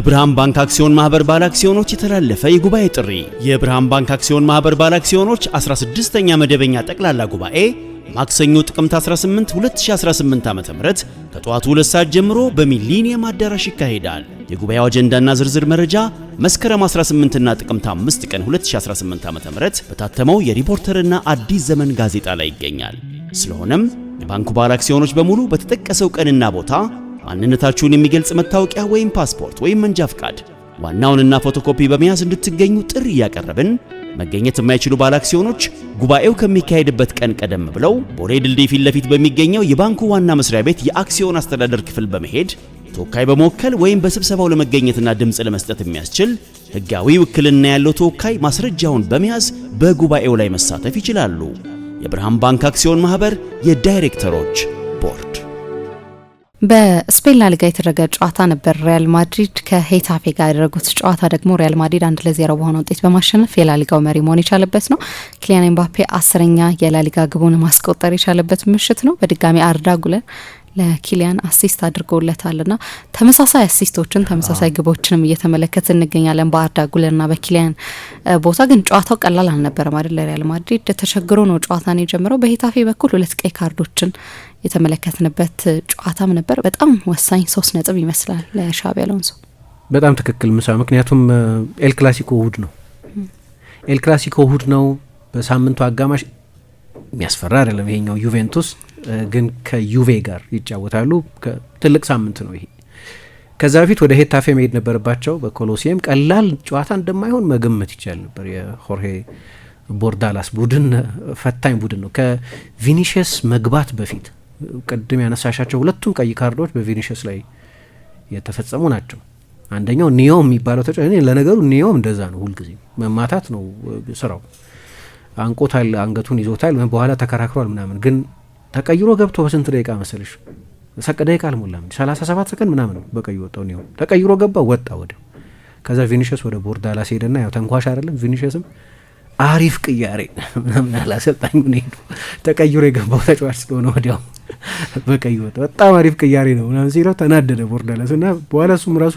ለብርሃን ባንክ አክሲዮን ማህበር ባለ አክሲዮኖች የተላለፈ የጉባኤ ጥሪ የብርሃን ባንክ አክሲዮን ማህበር ባለ አክሲዮኖች 16ኛ መደበኛ ጠቅላላ ጉባኤ ማክሰኞ ጥቅምት 18 2018 ም ከጠዋቱ 2 ሰዓት ጀምሮ በሚሊኒየም አዳራሽ ይካሄዳል። የጉባኤው አጀንዳና ዝርዝር መረጃ መስከረም 18ና ጥቅምት 5 ቀን 2018 .ም በታተመው የሪፖርተርና አዲስ ዘመን ጋዜጣ ላይ ይገኛል። ስለሆነም የባንኩ ባለ አክሲዮኖች በሙሉ በተጠቀሰው ቀንና ቦታ ማንነታችሁን የሚገልጽ መታወቂያ ወይም ፓስፖርት ወይም መንጃ ፍቃድ ዋናውንና ፎቶኮፒ በመያዝ እንድትገኙ ጥሪ እያቀረብን መገኘት የማይችሉ ባለአክሲዮኖች ጉባኤው ከሚካሄድበት ቀን ቀደም ብለው ቦሌ ድልድይ ፊት ለፊት በሚገኘው የባንኩ ዋና መስሪያ ቤት የአክሲዮን አስተዳደር ክፍል በመሄድ ተወካይ በመወከል ወይም በስብሰባው ለመገኘትና ድምፅ ለመስጠት የሚያስችል ሕጋዊ ውክልና ያለው ተወካይ ማስረጃውን በመያዝ በጉባኤው ላይ መሳተፍ ይችላሉ። የብርሃን ባንክ አክሲዮን ማህበር የዳይሬክተሮች በስፔን ላሊጋ የተደረገ ጨዋታ ነበር። ሪያል ማድሪድ ከሄታፌ ጋር ያደረጉት ጨዋታ ደግሞ ሪያል ማድሪድ አንድ ለዜሮ በሆነ ውጤት በማሸነፍ የላሊጋው መሪ መሆን የቻለበት ነው። ኪሊያን ኤምባፔ አስረኛ የላሊጋ ግቡን ማስቆጠር የቻለበት ምሽት ነው። በድጋሚ አርዳ ጉለር ለኪሊያን አሲስት አድርጎለታልና ተመሳሳይ አሲስቶችን ተመሳሳይ ግቦችንም እየተመለከት እንገኛለን። በአርዳ ጉለርና በኪሊያን ቦታ ግን ጨዋታው ቀላል አልነበረም አይደል? ለሪያል ማድሪድ ተቸግሮ ነው ጨዋታን የጀምረው በሄታፌ በኩል ሁለት ቀይ ካርዶችን የተመለከትንበት ጨዋታም ነበር። በጣም ወሳኝ ሶስት ነጥብ ይመስላል ለሻቢ አሎንሶ። በጣም ትክክል ምሳ። ምክንያቱም ኤል ክላሲኮ እሁድ ነው። ኤል ክላሲኮ እሁድ ነው። በሳምንቱ አጋማሽ የሚያስፈራ አይደለም ይሄኛው። ዩቬንቱስ ግን ከዩቬ ጋር ይጫወታሉ። ትልቅ ሳምንት ነው ይሄ። ከዛ በፊት ወደ ሄታፌ መሄድ ነበረባቸው። በኮሎሲየም ቀላል ጨዋታ እንደማይሆን መገመት ይቻል ነበር። የሆርሄ ቦርዳላስ ቡድን ፈታኝ ቡድን ነው። ከቪኒሽስ መግባት በፊት ቅድም ያነሳሻቸው ሁለቱም ቀይ ካርዶች በቪኒሽስ ላይ የተፈጸሙ ናቸው። አንደኛው ኒዮም የሚባለው ተጫዋች እኔ ለነገሩ ኒዮም እንደዛ ነው፣ ሁልጊዜ መማታት ነው ስራው። አንቆታል፣ አንገቱን ይዞታል፣ በኋላ ተከራክሯል ምናምን፣ ግን ተቀይሮ ገብቶ በስንት ደቂቃ መሰለሽ? ሰቅ ደቂቃ አልሞላም፣ ሰባት ሰከንድ ምናምን በቀይ ወጣው ኒዮም። ተቀይሮ ገባ፣ ወጣ ወደ ከዛ ቪኒሽስ ወደ ቦርዳላስ ሄደና ያው ተንኳሽ አይደለም ቪኒሽስም አሪፍ ቅያሬ ምናምን አለ አሰልጣኙ። ሄዱ ተቀይሮ የገባው ተጫዋች ስለሆነ ወዲያው በቀይ ወጣ። በጣም አሪፍ ቅያሬ ነው ምናምን ሲለው ተናደደ ቦርዳለስ እና በኋላ እሱም ራሱ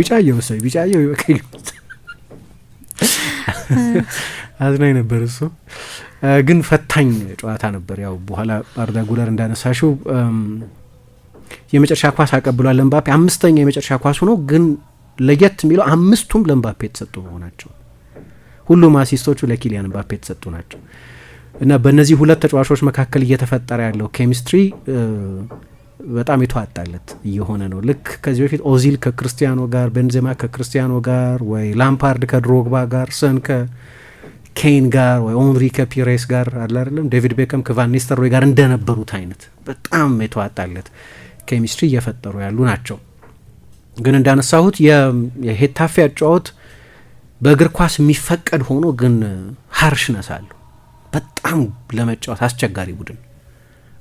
ቢጫ እየመሰለ ቢጫ በቀይ አዝናኝ ነበር። እሱ ግን ፈታኝ ጨዋታ ነበር። ያው በኋላ አርዳ ጉለር እንዳነሳሽው የመጨረሻ ኳስ አቀብሏል ለምባፔ። አምስተኛ የመጨረሻ ኳሱ ነው ግን ለየት የሚለው አምስቱም ለምባፔ የተሰጡ መሆናቸው ሁሉም አሲስቶቹ ለኪሊያን ባፔ የተሰጡ ናቸው እና በእነዚህ ሁለት ተጫዋቾች መካከል እየተፈጠረ ያለው ኬሚስትሪ በጣም የተዋጣለት እየሆነ ነው። ልክ ከዚህ በፊት ኦዚል ከክርስቲያኖ ጋር፣ ቤንዜማ ከክርስቲያኖ ጋር፣ ወይ ላምፓርድ ከድሮግባ ጋር፣ ሰን ከኬን ጋር፣ ወይ ኦንሪ ከፒሬስ ጋር አለ አይደለም ዴቪድ ቤከም ከቫኒስተር ወይ ጋር እንደነበሩት አይነት በጣም የተዋጣለት ኬሚስትሪ እየፈጠሩ ያሉ ናቸው። ግን እንዳነሳሁት የሄታፌ አጫወት በእግር ኳስ የሚፈቀድ ሆኖ ግን ሀርሽነስ አለው። በጣም ለመጫወት አስቸጋሪ ቡድን፣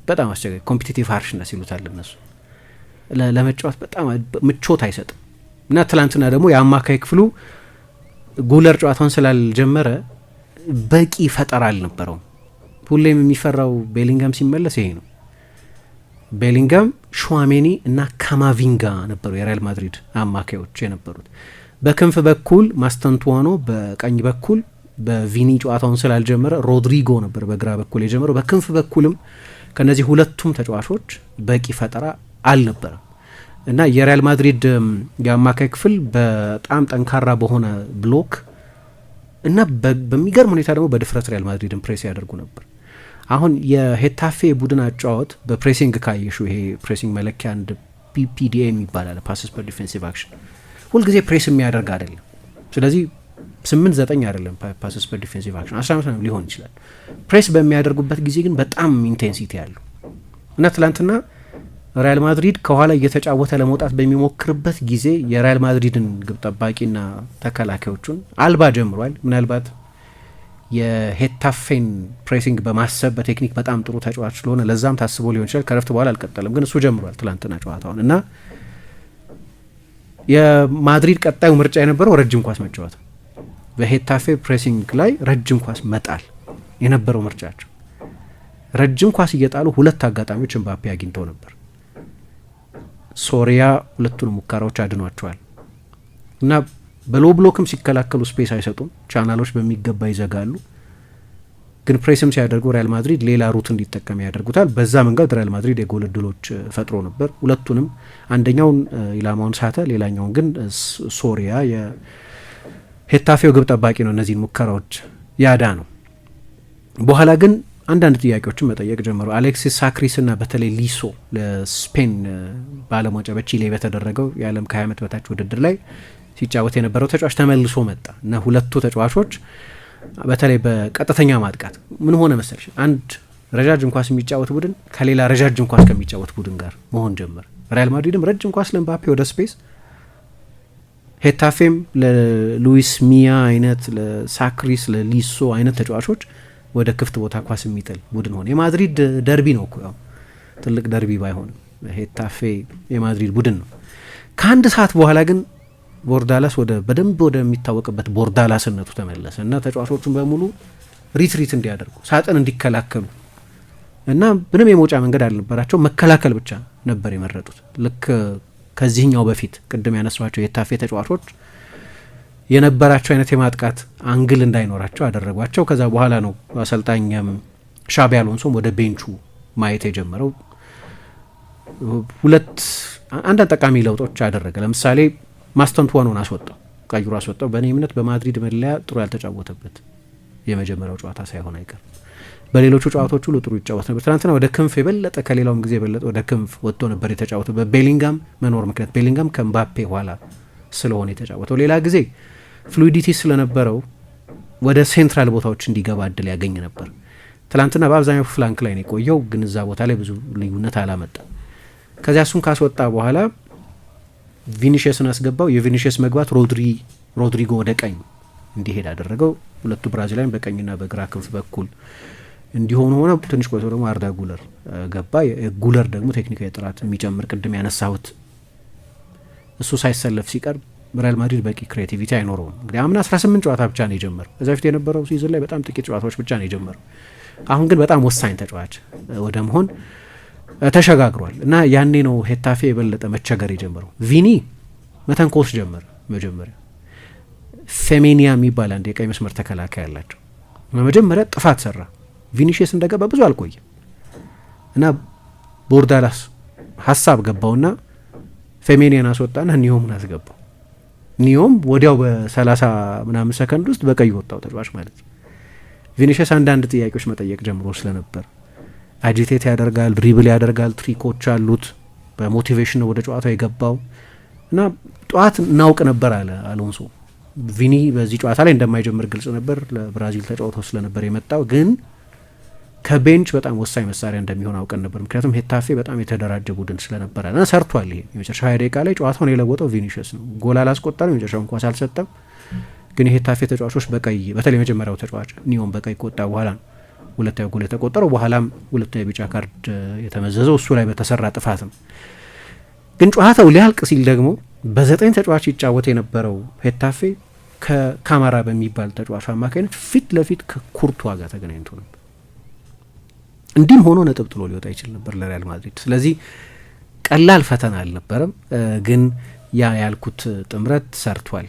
በጣም አስቸጋሪ ኮምፒቲቲቭ ሀርሽነስ ይሉታል እነሱ። ለመጫወት በጣም ምቾት አይሰጥም እና ትላንትና ደግሞ የአማካይ ክፍሉ ጉለር ጨዋታውን ስላልጀመረ በቂ ፈጠራ አልነበረውም። ሁሌም የሚፈራው ቤሊንጋም ሲመለስ ይሄ ነው። ቤሊንጋም፣ ሸዋሜኒ እና ካማቪንጋ ነበሩ የሪያል ማድሪድ አማካዮች የነበሩት። በክንፍ በኩል ማስተንትዋኖ በቀኝ በኩል በቪኒ ጨዋታውን ስላልጀመረ ሮድሪጎ ነበር በግራ በኩል የጀመረው። በክንፍ በኩልም ከነዚህ ሁለቱም ተጫዋቾች በቂ ፈጠራ አልነበረም እና የሪያል ማድሪድ የአማካይ ክፍል በጣም ጠንካራ በሆነ ብሎክ እና በሚገርም ሁኔታ ደግሞ በድፍረት ሪያል ማድሪድን ፕሬስ ያደርጉ ነበር። አሁን የሄታፌ ቡድን አጫወት በፕሬሲንግ ካየሹ ይሄ ፕሬሲንግ መለኪያ አንድ ፒፒዲኤ የሚባል ፓስስ ፐር ዲፌንሲቭ አክሽን ሁልጊዜ ፕሬስ የሚያደርግ አይደለም። ስለዚህ ስምንት ዘጠኝ አይደለም ፓስስ ፐር ዲፌንሲቭ አክሽን አስራ አምስት ሊሆን ይችላል። ፕሬስ በሚያደርጉበት ጊዜ ግን በጣም ኢንቴንሲቲ ያለው እና ትላንትና ሪያል ማድሪድ ከኋላ እየተጫወተ ለመውጣት በሚሞክርበት ጊዜ የሪያል ማድሪድን ግብ ጠባቂና ተከላካዮቹን አልባ ጀምሯል። ምናልባት የሄታፌን ፕሬሲንግ በማሰብ በቴክኒክ በጣም ጥሩ ተጫዋች ስለሆነ ለዛም ታስቦ ሊሆን ይችላል። ከረፍት በኋላ አልቀጠለም፣ ግን እሱ ጀምሯል ትላንትና ጨዋታውን እና የማድሪድ ቀጣዩ ምርጫ የነበረው ረጅም ኳስ መጫወት በሄታፌ ፕሬሲንግ ላይ ረጅም ኳስ መጣል የነበረው ምርጫቸው። ረጅም ኳስ እየጣሉ ሁለት አጋጣሚዎች እምባፔ አግኝተው ነበር። ሶሪያ ሁለቱን ሙከራዎች አድኗቸዋል እና በሎ ብሎክም ሲከላከሉ ስፔስ አይሰጡም። ቻናሎች በሚገባ ይዘጋሉ። ግን ፕሬስም ሲያደርጉ ሪያል ማድሪድ ሌላ ሩት እንዲጠቀም ያደርጉታል። በዛ መንገድ ሪያል ማድሪድ የጎል እድሎች ፈጥሮ ነበር። ሁለቱንም አንደኛውን ኢላማውን ሳተ፣ ሌላኛውን ግን ሶሪያ የሄታፌው ግብ ጠባቂ ነው እነዚህን ሙከራዎች ያዳ ነው። በኋላ ግን አንዳንድ ጥያቄዎችን መጠየቅ ጀመሩ። አሌክሲስ ሳክሪስና በተለይ ሊሶ ለስፔን በዓለም ዋንጫ በቺሌ በተደረገው የዓለም ከ20 ዓመት በታች ውድድር ላይ ሲጫወት የነበረው ተጫዋች ተመልሶ መጣ እና ሁለቱ ተጫዋቾች በተለይ በቀጥተኛ ማጥቃት ምን ሆነ መሰለሽ፣ አንድ ረጃጅም ኳስ የሚጫወት ቡድን ከሌላ ረጃጅም ኳስ ከሚጫወት ቡድን ጋር መሆን ጀመር። ሪያል ማድሪድም ረጅም ኳስ ለምባፔ ወደ ስፔስ፣ ሄታፌም ለሉዊስ ሚያ አይነት ለሳክሪስ ለሊሶ አይነት ተጫዋቾች ወደ ክፍት ቦታ ኳስ የሚጥል ቡድን ሆነ። የማድሪድ ደርቢ ነው እኮ ያው ትልቅ ደርቢ ባይሆንም ሄታፌ የማድሪድ ቡድን ነው። ከአንድ ሰዓት በኋላ ግን ቦርዳላስ ወደ በደንብ ወደሚታወቅበት ቦርዳላስነቱ ተመለሰ እና ተጫዋቾቹን በሙሉ ሪትሪት እንዲያደርጉ ሳጥን እንዲከላከሉ እና ምንም የመውጫ መንገድ አልነበራቸው። መከላከል ብቻ ነበር የመረጡት። ልክ ከዚህኛው በፊት ቅድም ያነሷቸው የታፌ ተጫዋቾች የነበራቸው አይነት የማጥቃት አንግል እንዳይኖራቸው አደረጓቸው። ከዛ በኋላ ነው አሰልጣኝም ሻቢ አሎንሶም ወደ ቤንቹ ማየት የጀመረው። ሁለት አንዳንድ ጠቃሚ ለውጦች አደረገ። ለምሳሌ ማስተንትዋኑን አስወጣው፣ ቀይሮ አስወጣው። በእኔ እምነት በማድሪድ መለያ ጥሩ ያልተጫወተበት የመጀመሪያው ጨዋታ ሳይሆን አይቀር። በሌሎቹ ጨዋታዎች ሁሉ ጥሩ ይጫወት ነበር። ትናንትና ወደ ክንፍ የበለጠ ከሌላውም ጊዜ የበለጠ ወደ ክንፍ ወጥቶ ነበር የተጫወተው በቤሊንጋም መኖር ምክንያት። ቤሊንጋም ከምባፔ ኋላ ስለሆነ የተጫወተው። ሌላ ጊዜ ፍሉዲቲ ስለነበረው ወደ ሴንትራል ቦታዎች እንዲገባ እድል ያገኝ ነበር። ትናንትና በአብዛኛው ፍላንክ ላይ ነው የቆየው፣ ግን እዛ ቦታ ላይ ብዙ ልዩነት አላመጣም። ከዚያ እሱን ካስወጣ በኋላ ቪኒሽስን አስገባው። የቪኒሽስ መግባት ሮድሪ ሮድሪጎ ወደ ቀኝ እንዲሄድ አደረገው። ሁለቱ ብራዚላውያን በቀኝና በግራ ክንፍ በኩል እንዲሆኑ ሆነ። ትንሽ ቆይቶ ደግሞ አርዳ ጉለር ገባ። ጉለር ደግሞ ቴክኒካዊ ጥራት የሚጨምር ቅድም ያነሳሁት እሱ ሳይሰለፍ ሲቀር ሪያል ማድሪድ በቂ ክሬቲቪቲ አይኖረውም። እንግዲህ አምና 18 ጨዋታ ብቻ ነው የጀመረው። እዛ ፊት የነበረው ሲዝን ላይ በጣም ጥቂት ጨዋታዎች ብቻ ነው የጀመረው። አሁን ግን በጣም ወሳኝ ተጫዋች ወደ መሆን ተሸጋግሯል እና ያኔ ነው ሄታፌ የበለጠ መቸገር የጀመረው። ቪኒ መተንኮስ ጀመረ። መጀመሪያ ፌሜኒያ የሚባል አንድ የቀኝ መስመር ተከላካይ ያላቸው መጀመሪያ ጥፋት ሰራ። ቪኒሽስ እንደገባ ብዙ አልቆየም እና ቦርዳላስ ሀሳብ ገባውና ፌሜኒያን አስወጣና ኒዮምን አስገባው። ኒዮም ወዲያው በሰላሳ ምናምን ሰከንድ ውስጥ በቀይ ወጣው ተጫዋች ማለት ነው። ቪኒሽስ አንዳንድ ጥያቄዎች መጠየቅ ጀምሮ ስለነበር አጂቴት ያደርጋል፣ ድሪብል ያደርጋል፣ ትሪኮች አሉት። በሞቲቬሽን ነው ወደ ጨዋታው የገባው እና ጠዋት እናውቅ ነበር አለ አሎንሶ። ቪኒ በዚህ ጨዋታ ላይ እንደማይጀምር ግልጽ ነበር፣ ለብራዚል ተጫውተው ስለነበር የመጣው ግን ከቤንች በጣም ወሳኝ መሳሪያ እንደሚሆን አውቀን ነበር። ምክንያቱም ሄታፌ በጣም የተደራጀ ቡድን ስለነበረ እና ሰርቷል። ይሄ የመጨረሻ ሀያ ደቂቃ ላይ ጨዋታውን የለወጠው ቪኒሽስ ነው። ጎል አላስቆጠረም፣ የመጨረሻውን ኳስ አልሰጠም። ግን የሄታፌ ተጫዋቾች በቀይ በተለይ የመጀመሪያው ተጫዋች ኒዮን በቀይ ከወጣ በኋላ ነው ሁለታዊ ጎል የተቆጠረው በኋላም ሁለታዊ ቢጫ ካርድ የተመዘዘው እሱ ላይ በተሰራ ጥፋት ነው። ግን ጨዋታው ሊያልቅ ሲል ደግሞ በዘጠኝ ተጫዋች ይጫወት የነበረው ሄታፌ ከካማራ በሚባል ተጫዋች አማካኝነት ፊት ለፊት ከኩርቷ ጋር ተገናኝቶ ነበር። እንዲህም ሆኖ ነጥብ ጥሎ ሊወጣ ይችል ነበር ለሪያል ማድሪድ። ስለዚህ ቀላል ፈተና አልነበረም። ግን ያ ያልኩት ጥምረት ሰርቷል።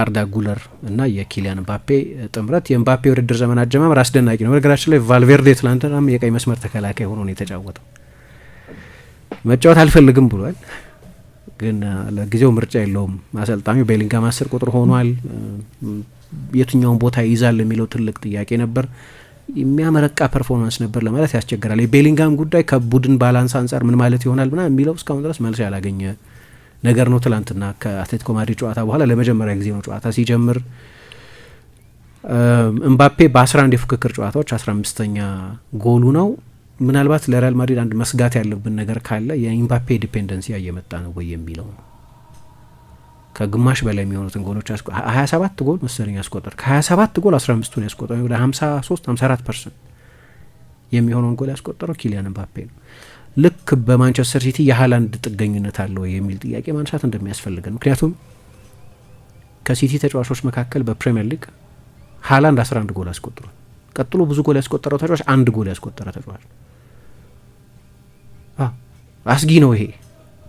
አርዳ ጉለር እና የኪሊያን ምባፔ ጥምረት የምባፔ ውድድር ዘመን አጀማመር አስደናቂ ነው። በነገራችን ላይ ቫልቬርዴ ትላንትናም የቀኝ መስመር ተከላካይ ሆኖ ነው የተጫወተው። መጫወት አልፈልግም ብሏል፣ ግን ለጊዜው ምርጫ የለውም አሰልጣኙ። ቤሊንጋም አስር ቁጥር ሆኗል። የትኛውን ቦታ ይይዛል የሚለው ትልቅ ጥያቄ ነበር። የሚያመረቃ ፐርፎርማንስ ነበር ለማለት ያስቸግራል። የቤሊንጋም ጉዳይ ከቡድን ባላንስ አንጻር ምን ማለት ይሆናል ምና የሚለው እስካሁን ድረስ መልስ ያላገኘ ነገር ነው። ትላንትና ከአትሌቲኮ ማድሪድ ጨዋታ በኋላ ለመጀመሪያ ጊዜ ነው ጨዋታ ሲጀምር እምባፔ በ11 የፉክክር ጨዋታዎች 15ኛ ጎሉ ነው። ምናልባት ለሪያል ማድሪድ አንድ መስጋት ያለብን ነገር ካለ የኢምባፔ ዲፔንደንሲ እየመጣ ነው ወይ የሚለው ነው። ከግማሽ በላይ የሚሆኑትን ጎሎች 27 ጎል መሰለኝ ያስቆጠር ከ27 ጎል 15ቱን ያስቆጠረ ወደ 53 54 ፐርሰንት የሚሆነውን ጎል ያስቆጠረው ኪሊያን እምባፔ ነው። ልክ በማንቸስተር ሲቲ የሀላንድ ጥገኝነት አለ ወይ የሚል ጥያቄ ማንሳት እንደሚያስፈልገን ምክንያቱም ከሲቲ ተጫዋቾች መካከል በፕሪምየር ሊግ ሀላንድ 11 ጎል አስቆጥሯል። ቀጥሎ ብዙ ጎል ያስቆጠረው ተጫዋች አንድ ጎል ያስቆጠረ ተጫዋች አስጊ ነው። ይሄ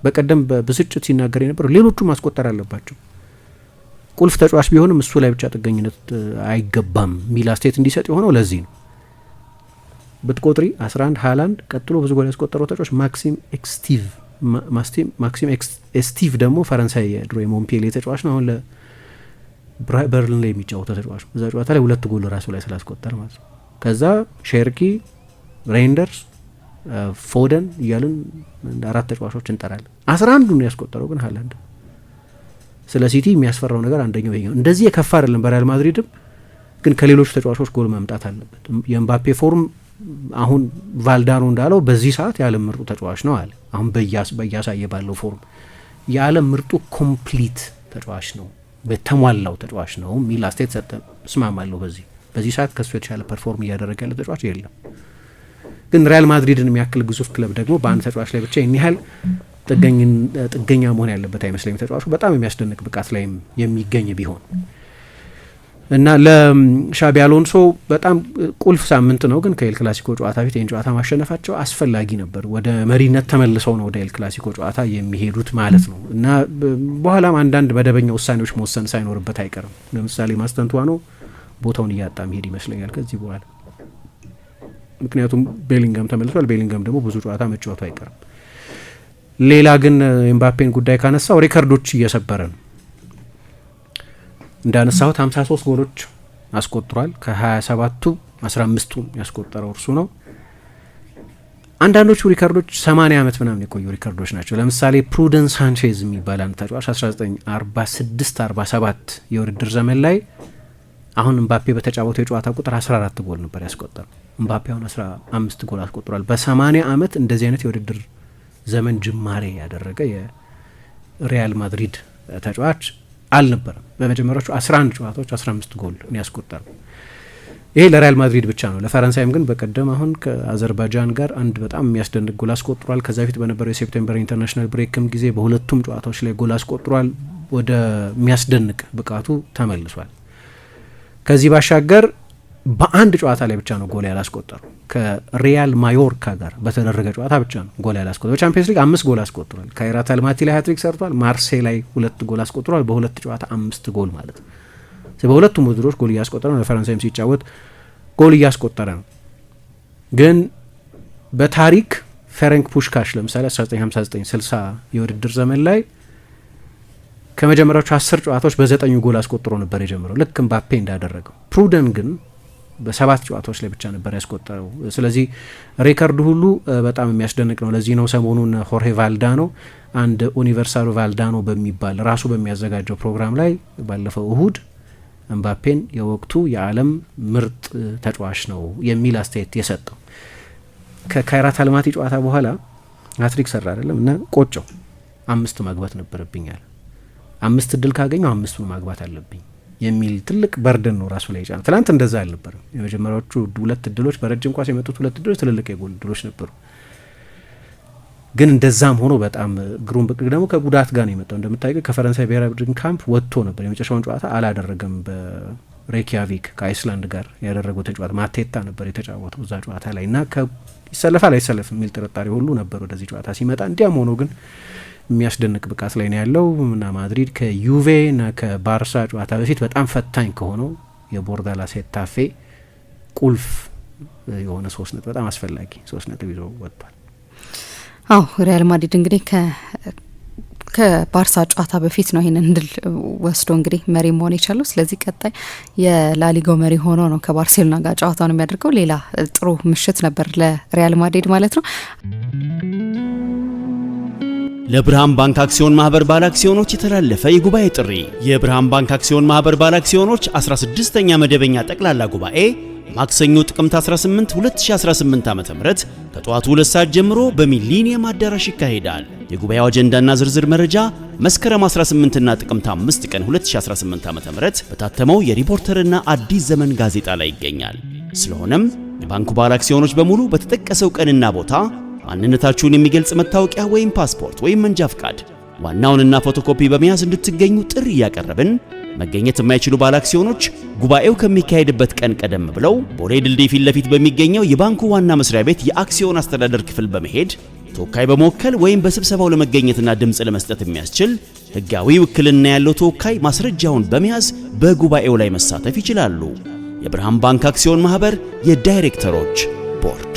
በቀደም በብስጭት ሲናገር የነበረው ሌሎቹ ማስቆጠር አለባቸው ቁልፍ ተጫዋች ቢሆንም እሱ ላይ ብቻ ጥገኝነት አይገባም የሚል አስተያየት እንዲሰጥ የሆነው ለዚህ ነው። ብትቆጥሪ 11 ሃላንድ፣ ቀጥሎ ብዙ ጎል ያስቆጠሩ ተጫዋች ማክሲም ኤክስቲቭ ማክሲም ኤስቲቭ ደግሞ ፈረንሳይ የድሮ የሞምፔሌ ተጫዋች ነው። አሁን በርሊን ላይ የሚጫወተው ተጫዋች ነው። እዛ ጨዋታ ላይ ሁለት ጎል ራሱ ላይ ስላስቆጠር ማለት ነው። ከዛ ሼርኪ፣ ሬንደርስ ፎደን እያልን አራት ተጫዋቾች እንጠራለን። አስራ ነው ያስቆጠረው ግን ሀላንድ። ስለ ሲቲ የሚያስፈራው ነገር አንደኛው ይሄኛው እንደዚህ የከፋ አይደለም። በሪያል ማድሪድም ግን ከሌሎች ተጫዋቾች ጎል መምጣት አለበት። የምባፔ ፎርም አሁን ቫልዳኖ እንዳለው በዚህ ሰዓት የዓለም ምርጡ ተጫዋች ነው አለ። አሁን በእያሳየ ባለው ፎርም የዓለም ምርጡ ኮምፕሊት ተጫዋች ነው፣ በተሟላው ተጫዋች ነው የሚል አስተያየት ሰጠ። እስማማለሁ። በዚህ በዚህ ሰዓት ከሱ የተሻለ ፐርፎርም እያደረገ ያለ ተጫዋች የለም። ግን ሪያል ማድሪድን የሚያክል ግዙፍ ክለብ ደግሞ በአንድ ተጫዋች ላይ ብቻ ይህን ያህል ጥገኛ መሆን ያለበት አይመስለኝ። ተጫዋቹ በጣም የሚያስደንቅ ብቃት ላይም የሚገኝ ቢሆን እና ለሻቢ አሎንሶ በጣም ቁልፍ ሳምንት ነው። ግን ከኤል ክላሲኮ ጨዋታ ፊት ይህን ጨዋታ ማሸነፋቸው አስፈላጊ ነበር። ወደ መሪነት ተመልሰው ነው ወደ ኤል ክላሲኮ ጨዋታ የሚሄዱት ማለት ነው። እና በኋላም አንዳንድ መደበኛ ውሳኔዎች መወሰን ሳይኖርበት አይቀርም። ለምሳሌ ነው ቦታውን እያጣ መሄድ ይመስለኛል ከዚህ በኋላ ምክንያቱም ቤሊንገም ተመልሷል። ቤሊንገም ደግሞ ብዙ ጨዋታ መጫወቱ አይቀርም። ሌላ ግን ኤምባፔን ጉዳይ ካነሳው ሪከርዶች እየሰበረ ነው። እንዳነሳሁት 53 ጎሎች አስቆጥሯል። ከ27ቱ 15ቱ ያስቆጠረው እርሱ ነው። አንዳንዶቹ ሪከርዶች 80 ዓመት ምናምን የቆዩ ሪከርዶች ናቸው። ለምሳሌ ፕሩደን ሳንቼዝ የሚባል አንድ ተጫዋች 1946 47 የውድድር ዘመን ላይ አሁን እምባፔ በተጫወተው የጨዋታ ቁጥር 14 ጎል ነበር ያስቆጠረው። እምባፔ አሁን 15 ጎል አስቆጥሯል። በ80 ዓመት እንደዚህ አይነት የውድድር ዘመን ጅማሬ ያደረገ የሪያል ማድሪድ ተጫዋች አልነበረም። በመጀመሪያዎቹ 11 ጨዋታዎች 15 ጎል ያስቆጠሩ ይሄ ለሪያል ማድሪድ ብቻ ነው። ለፈረንሳይም ግን በቀደም አሁን ከአዘርባይጃን ጋር አንድ በጣም የሚያስደንቅ ጎል አስቆጥሯል። ከዛ በፊት በነበረው የሴፕቴምበር ኢንተርናሽናል ብሬክም ጊዜ በሁለቱም ጨዋታዎች ላይ ጎል አስቆጥሯል። ወደ የሚያስደንቅ ብቃቱ ተመልሷል። ከዚህ ባሻገር በአንድ ጨዋታ ላይ ብቻ ነው ጎል ያላስቆጠሩ ከሪያል ማዮርካ ጋር በተደረገ ጨዋታ ብቻ ነው ጎል ያላስቆጠሩ። በቻምፒየንስ ሊግ አምስት ጎል አስቆጥሯል። ካይራት አልማቲ ላይ ሀትሪክ ሰርቷል። ማርሴይ ላይ ሁለት ጎል አስቆጥሯል። በሁለት ጨዋታ አምስት ጎል ማለት ነው። በሁለቱም ውድድሮች ጎል እያስቆጠረ ነው። ለፈረንሳይም ሲጫወት ጎል እያስቆጠረ ነው። ግን በታሪክ ፌረንክ ፑሽካሽ ለምሳሌ 1959 60 የውድድር ዘመን ላይ ከመጀመሪያዎቹ አስር ጨዋታዎች በዘጠኙ ጎል አስቆጥሮ ነበር የጀመረው ልክ ምባፔ እንዳደረገው። ፕሩደን ግን በሰባት ጨዋታዎች ላይ ብቻ ነበር ያስቆጠረው። ስለዚህ ሪከርድ ሁሉ በጣም የሚያስደንቅ ነው። ለዚህ ነው ሰሞኑን ሆርሄ ቫልዳኖ አንድ ኡኒቨርሳል ቫልዳኖ በሚባል ራሱ በሚያዘጋጀው ፕሮግራም ላይ ባለፈው እሁድ እምባፔን የወቅቱ የዓለም ምርጥ ተጫዋች ነው የሚል አስተያየት የሰጠው። ከካይራት አልማቲ ጨዋታ በኋላ ሀትሪክ ሰራ አይደለም እና ቆጨው። አምስት ማግባት ነበረብኛል። አምስት እድል ካገኘው አምስቱን ማግባት አለብኝ የሚል ትልቅ በርድን ነው ራሱ ላይ ጫነ። ትላንት እንደዛ አልነበረም። የመጀመሪያዎቹ ሁለት እድሎች በረጅም ኳስ የመጡት ሁለት እድሎች ትልልቅ የጎል እድሎች ነበሩ። ግን እንደዛም ሆኖ በጣም ግሩም ብቅ ደግሞ ከጉዳት ጋር ነው የመጣው። እንደምታየ ከፈረንሳይ ብሔራዊ ቡድን ካምፕ ወጥቶ ነበር። የመጨረሻውን ጨዋታ አላደረገም። በሬኪያቪክ ከአይስላንድ ጋር ያደረጉትን ጨዋታ ማቴታ ነበር የተጫወተው እዛ ጨዋታ ላይ እና ይሰለፋል አይሰለፍ የሚል ጥርጣሬ ሁሉ ነበር ወደዚህ ጨዋታ ሲመጣ። እንዲያም ሆኖ ግን የሚያስደንቅ ብቃት ላይ ነው ያለው እና ማድሪድ ከዩቬ እና ከባርሳ ጨዋታ በፊት በጣም ፈታኝ ከሆነው የቦርዳላ ሴታፌ ቁልፍ የሆነ ሶስት ነጥብ በጣም አስፈላጊ ሶስት ነጥብ ይዞ ወጥቷል። አዎ ሪያል ማድሪድ እንግዲህ ከባርሳ ጨዋታ በፊት ነው ይህንን ድል ወስዶ እንግዲህ መሪ መሆን የቻለው። ስለዚህ ቀጣይ የላሊጋው መሪ ሆኖ ነው ከባርሴሎና ጋር ጨዋታውን የሚያደርገው። ሌላ ጥሩ ምሽት ነበር ለሪያል ማድሪድ ማለት ነው። ለብርሃን ባንክ አክሲዮን ማህበር ባለ አክሲዮኖች የተላለፈ የጉባኤ ጥሪ የብርሃን ባንክ አክሲዮን ማህበር ባለ አክሲዮኖች 16ኛ መደበኛ ጠቅላላ ጉባኤ ማክሰኞ ጥቅምት 18 2018 ዓ.ም ከጠዋቱ 2 ሰዓት ጀምሮ በሚሊኒየም አዳራሽ ይካሄዳል። የጉባኤው አጀንዳና ዝርዝር መረጃ መስከረም 18ና ጥቅምት 5 ቀን 2018 ዓ.ም በታተመው የሪፖርተርና አዲስ ዘመን ጋዜጣ ላይ ይገኛል። ስለሆነም የባንኩ ባለ አክሲዮኖች በሙሉ በተጠቀሰው ቀንና ቦታ ማንነታችሁን የሚገልጽ መታወቂያ ወይም ፓስፖርት ወይም መንጃ ፍቃድ ዋናውንና ፎቶኮፒ በመያዝ እንድትገኙ ጥሪ እያቀረብን መገኘት የማይችሉ ባለአክሲዮኖች ጉባኤው ከሚካሄድበት ቀን ቀደም ብለው ቦሌ ድልድይ ፊት ለፊት በሚገኘው የባንኩ ዋና መስሪያ ቤት የአክሲዮን አስተዳደር ክፍል በመሄድ ተወካይ በመወከል ወይም በስብሰባው ለመገኘትና ድምፅ ለመስጠት የሚያስችል ሕጋዊ ውክልና ያለው ተወካይ ማስረጃውን በመያዝ በጉባኤው ላይ መሳተፍ ይችላሉ። የብርሃን ባንክ አክሲዮን ማህበር የዳይሬክተሮች ቦርድ